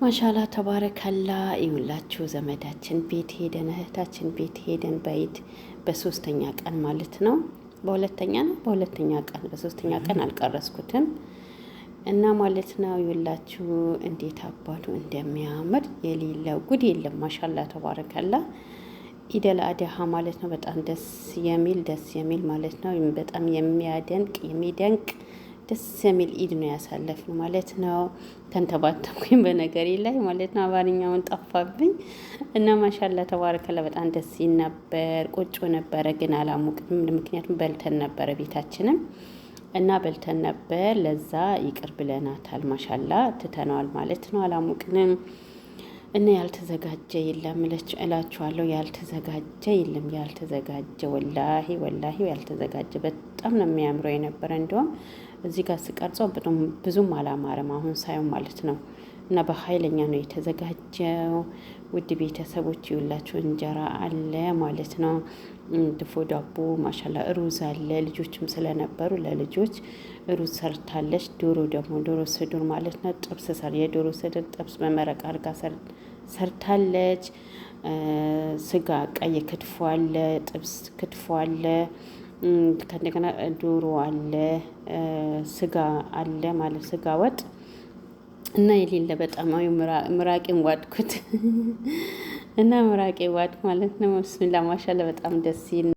ማሻላ ተባረከላ ይውላችሁ ዘመዳችን ቤት ሄደን እህታችን ቤት ሄደን በይድ በሶስተኛ ቀን ማለት ነው። በሁለተኛ ነው፣ በሁለተኛ ቀን በሶስተኛ ቀን አልቀረስኩትም እና ማለት ነው። ይውላችሁ እንዴት አባቱ እንደሚያምር የሌለ ጉድ የለም። ማሻላ ተባረከላ ኢደል አድሃ ማለት ነው። በጣም ደስ የሚል ደስ የሚል ማለት ነው። በጣም የሚያደንቅ የሚደንቅ ደስ የሚል ኢድ ነው ያሳለፍን ማለት ነው። ተንተባተኩኝ በነገሬ ላይ ማለት ነው። አማርኛውን ጠፋብኝ እና ማሻላ ተባረከላ በጣም ደስ ይል ነበር። ቆጮ ነበረ ግን አላሙቅም፣ ምክንያቱም በልተን ነበረ ቤታችንም እና በልተን ነበር። ለዛ ይቅር ብለናታል። ማሻላ ትተነዋል ማለት ነው። አላሙቅንም እና ያልተዘጋጀ የለም እላችኋለሁ። ያልተዘጋጀ የለም፣ ያልተዘጋጀ ወላሂ ወላሂ ያልተዘጋጀ። በጣም ነው የሚያምረው የነበረ። እንዲሁም እዚህ ጋር ስቀርጸው ብዙም አላማረም፣ አሁን ሳይሆን ማለት ነው እና በኃይለኛ ነው የተዘጋጀው። ውድ ቤተሰቦች ይውላቸው እንጀራ አለ ማለት ነው። ድፎ ዳቦ ማሻላ ሩዝ አለ። ልጆችም ስለነበሩ ለልጆች ሩዝ ሰርታለች። ዶሮ ደግሞ ዶሮ ስድር ማለት ነው። ጥብስ ሰር የዶሮ ስድር ጥብስ በመረቅ አድርጋ ሰርታለች። ስጋ ቀይ ክትፎ አለ፣ ጥብስ ክትፎ አለ፣ ከእንደገና ዶሮ አለ፣ ስጋ አለ ማለት ስጋ ወጥ እና የሌለ በጣም ምራቄን ዋድኩት እና ምራቄ ዋድ ማለት ነው። ብስሚላ ማሻለ በጣም ደስ ይል